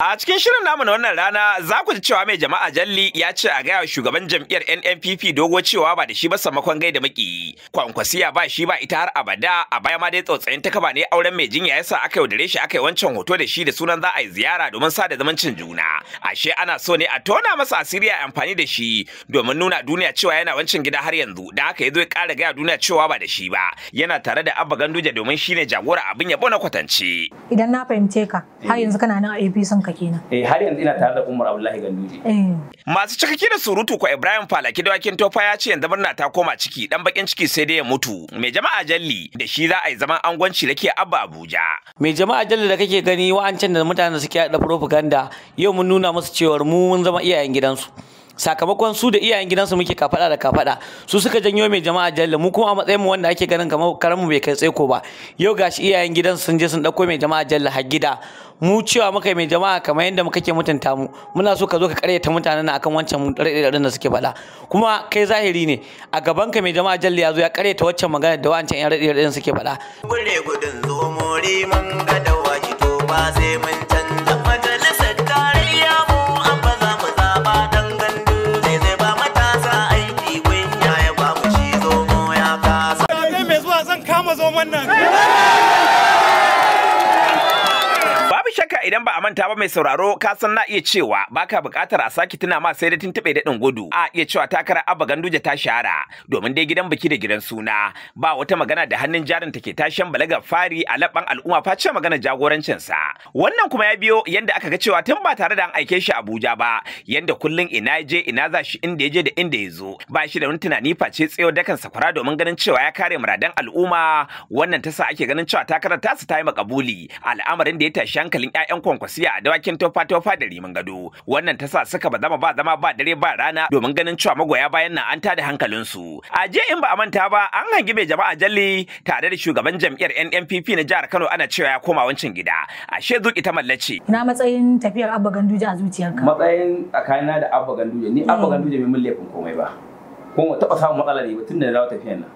A cikin shirin namu na wannan rana za ku ji cewa mai jama'a Jalli ya ce a gaya shugaban jam'iyyar NNPP dogo cewa ba da shi ba samakon gai da maki. Kwankwasiya ba shi ba ita har abada a baya ma dai tsautsayin ta kaba ne auren mai jinya yasa aka yaudare shi aka yi wancan hoto da shi da sunan za a yi ziyara domin sada zamancin juna. Ashe ana so ne a tona masa asiri a amfani da shi domin nuna duniya cewa yana wancan gida har yanzu da haka ya zo ya ƙara gaya duniya cewa ba da shi ba. Yana tare da Abba Ganduje domin ne jagora abin yabo na kwatance. Idan na fahimce ka har eh. yanzu kana nan a APC ka kenan eh har yanzu ina tare da Umar Abdullahi Ganduje eh. masu cikaki da surutu ko Ibrahim Falaki da dawakin tofa ya ce yanzu murna ta koma ciki dan bakin ciki sai dai ya mutu mai jama'a jalli da shi za a yi zaman angwanci ke abba Abuja mai jama'a jalli da kake gani wa'ancan da mutanen da suke da propaganda yau mun nuna musu cewa mu mun zama iyayen gidansu sakamakon su da iyayen gidansu muke kafada da kafada su suka janyo mai jama'a jalla mu kuma a matsayin mu wanda ake ganin kamar karamu bai kai tsaiko ba yau gashi iyayen gidansu sun je sun dauko mai jama'a jalla har gida mu cewa muka mai jama'a kamar yadda muka ke mutunta mu muna so ka zo ka karyata mutanen na akan wancan raɗaɗin da suke faɗa kuma kai zahiri ne a gaban ka mai jama'a jalla ya zo ya karyata waccan magana da wancan yan da suke faɗa. Gure gudun zo on one night. idan ba a manta ba mai sauraro ka san na iya cewa baka bukatar a sake tuna ma sai da tun taɓe daɗin gudu a iya cewa takara abba ganduje ta shahara domin dai gidan biki da gidan suna ba wata magana da hannun jarin take tashen balaga fari a laban al'umma face magana jagorancin sa wannan kuma ya biyo yanda aka ga cewa tun ba tare da an aike shi abuja ba yanda kullum ina je ina za shi inda ya je da inda ya zo ba shi da wani tunani face tsayo dakan sakwara domin ganin cewa ya kare muradan al'umma wannan ta sa ake ganin cewa takarar tasu ta yi makabuli al'amarin da ya tashi hankalin 'ya'yan kwankwasiya da dawakin tofa tofa da rimin gado wannan ta sa suka ba zama ba zama ba dare ba rana domin ganin cewa magoya bayan na an tada hankalinsu a je in ba a manta ba an hangi mai jama'a jalli tare da shugaban jam'iyyar NNPP na jihar Kano ana cewa ya koma wancan gida ashe zuki ta mallace na matsayin tafiyar Abba Ganduje a zuciyarka matsayin tsakanina da Abba Ganduje ni Abba eh. Ganduje mai mulkin komai ba ko taba samun matsala ne tun da na dawo tafiyan nan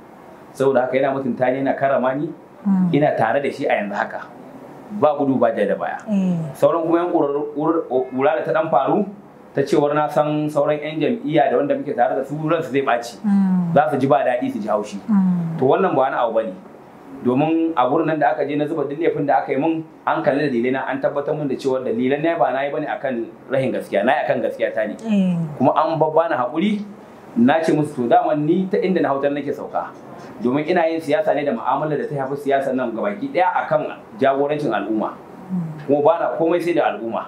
saboda haka yana mutunta ni yana karama ni hmm. ina tare da shi a yanzu haka ba gudu ba da baya mm. sauran kuma yan ƙura da ta dan faru ta cewar na san sauran yan jam'iyya da wanda muke tare da su ransu zai ɓaci mm. za su ji ba daɗi su ji haushi mm. to wannan ba wani abu bane domin a gurin nan da aka je na zuba duk laifin da aka yi mun an kalli dalilai na an tabbatar mun da cewa dalilan ne ba na yi bane akan rahin gaskiya na yi akan gaskiya ta ne kuma an babba na haƙuri na ce musu to daman ni ta inda na hautar nake sauka domin ina yin siyasa ne da mu'amala da ta shafi siyasa nan gabaki daya akan jagorancin al'umma hmm. kuma ba na komai sai da al'umma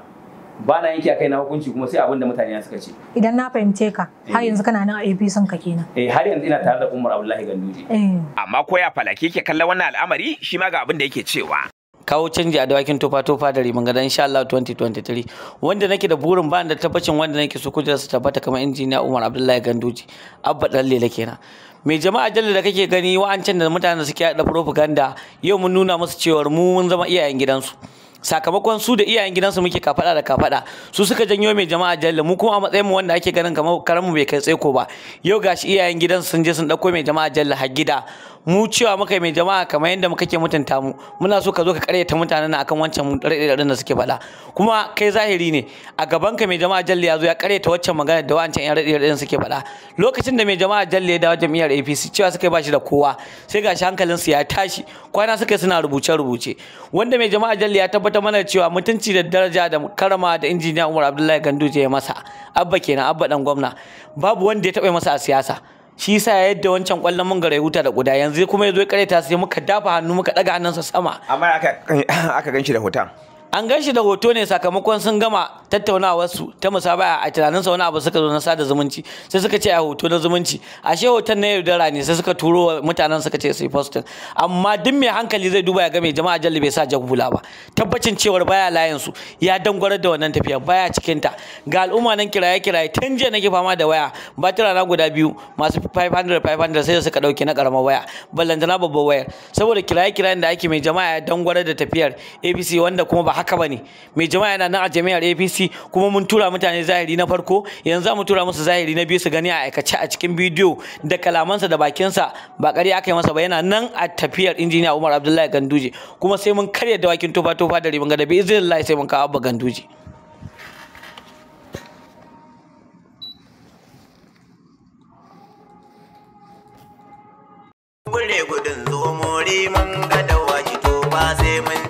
ba na yanke kai na hukunci kuma sai abin da mutane suka ce idan na fahimce ka har eh. yanzu kana nan a APC ka kenan eh har yanzu ina tare da Umar Abdullahi Ganduje eh. amma ko ya falake ke kallon wannan al'amari shi ma ga abin da yake cewa kawo canji a dawakin tufa-tufa da rimin gada insha Allah 2023 wanda nake da burin ba da tabbacin wanda nake so kujera su tabbata kamar injiniya Umar Abdullahi Ganduji abba dan lela na. mai jama'a jalla da kake gani wa'ancan da mutanen da suke da propaganda yau mun nuna musu cewa mu mun zama iyayen gidansu sakamakon su da iyayen gidansu muke kafada da kafada su suka janyo mai jama'a jalla mu kuma a matsayin mu wanda ake ganin kamar karamu bai kai tsaiko ba yau gashi iyayen gidansu sun je sun dauko mai jama'a jalla har gida mu cewa muka mai jama'a kamar yadda muka ke mutunta mu muna so ka zo ka karyata mutanen na akan wancan raɗaɗin da suke faɗa kuma kai zahiri ne a gaban ka mai jama'a jalla ya zo ya karyata waccan magana da wancan yan da suke faɗa lokacin da mai jama'a jalla ya dawo jami'ar APC cewa suka ba shi da kowa sai gashi hankalinsu ya tashi kwana suka suna rubuce rubuce wanda mai jama'a jalla ya tabbatar mana cewa mutunci da daraja da karama da injiniya Umar Abdullahi Ganduje ya masa abba kenan abba dan gwamna babu wanda ya taba masa a siyasa shi yasa yadda wancan kwallon mun gare huta da guda yanzu kuma yazo ya kareta sai muka dafa hannu muka daga hannunsa sama amma aka aka ganshi da hoton an ganshi da hoto ne sakamakon sun gama tattaunawarsu ta musabaya a tunaninsa wani abu suka zo na sada zumunci sai suka ce a hoto na zumunci ashe hoton na yaudara ne sai suka turo mutanen suka ce sai postin amma duk mai hankali zai duba ya ga mai jama'a jalli bai sa jagula ba tabbacin cewar baya layin su ya dangwarar da wannan tafiya baya cikin ta ga al'umma nan kiraye kiraye tun jiya nake fama da waya batira na guda biyu masu 500 500 sai suka dauke na karamar waya ballantana babbar wayar saboda kiraye kiraye da ake mai jama'a ya dangwarar da tafiyar APC wanda kuma ba haka bane mai jama'a yana nan a jami'ar APC ci kuma mun tura mutane zahiri na farko yanzu za mu tura musu zahiri na biyu su gani a aikace a cikin bidiyo da kalamansa da bakinsa ba karya aka yi masa ba yana nan a tafiyar injiniya Umar Abdullahi Ganduje kuma sai mun karya dawakin tofa tofa da riban gada bi izinin sai mun kawo Abba Ganduje. gudun zo mori mun ga dawaki to ba sai mun